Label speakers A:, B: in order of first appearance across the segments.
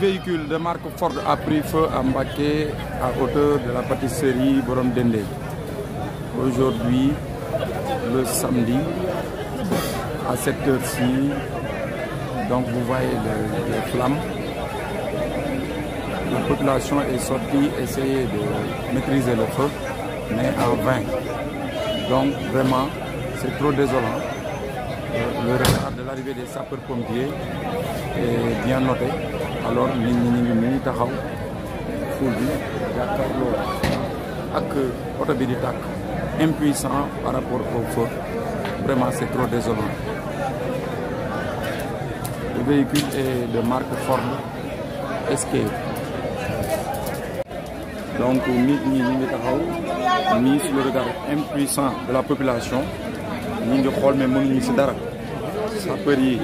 A: véhicule de marque Ford a pris feu à Mbacké à hauteur de la pâtisserie Borom Dendé. Aujourd'hui, le samedi, à cette heure-ci, donc vous voyez les, les flammes. La population est sortie essayer de maîtriser le feu, mais en vain. Donc vraiment, c'est trop désolant. Euh, le retard de l'arrivée des sapeurs-pompiers est bien noté. alors nit ñi ñu ngi nii taxaw foule bi jàkkaarloo ak oto bi di tàkk impuissant par rapport au feu vraiment c'est trop désolant le véhicule est de est ce que donc nit ñi ñu ngi taxaw mis sur le regard impuissant de la population ñi ngi xool mais mënuñu ci dara sapeurs yi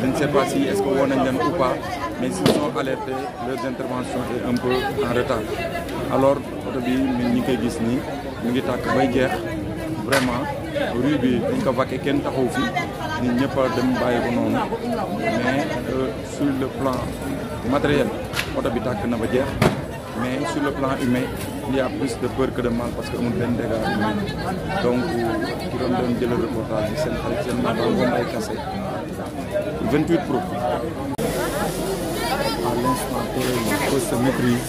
A: je ne sais pas si est-ce que woo nañ leen ou pas mais s'ils sont alertés leur peu en retard alors oto bi ñun ñi koy gis nii mu ngi tàkk bay jeex vraiment rue bi dañ ko vaqué kenn taxaw fi nit ñëpp a dem bàyyi ko noonu mais euh, sur le plan matériel oto bi tàkk na ba jeex mais sur le plan humain il y a plus de peur que mal parce que amul benn dégât humain donc doon doon jëlal reportage bi seen xarit seen ma doon moom ay kase 28 pro. à l'instant il faut se maîtrise.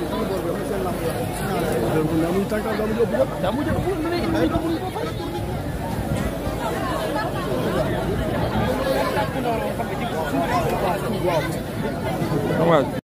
A: waaw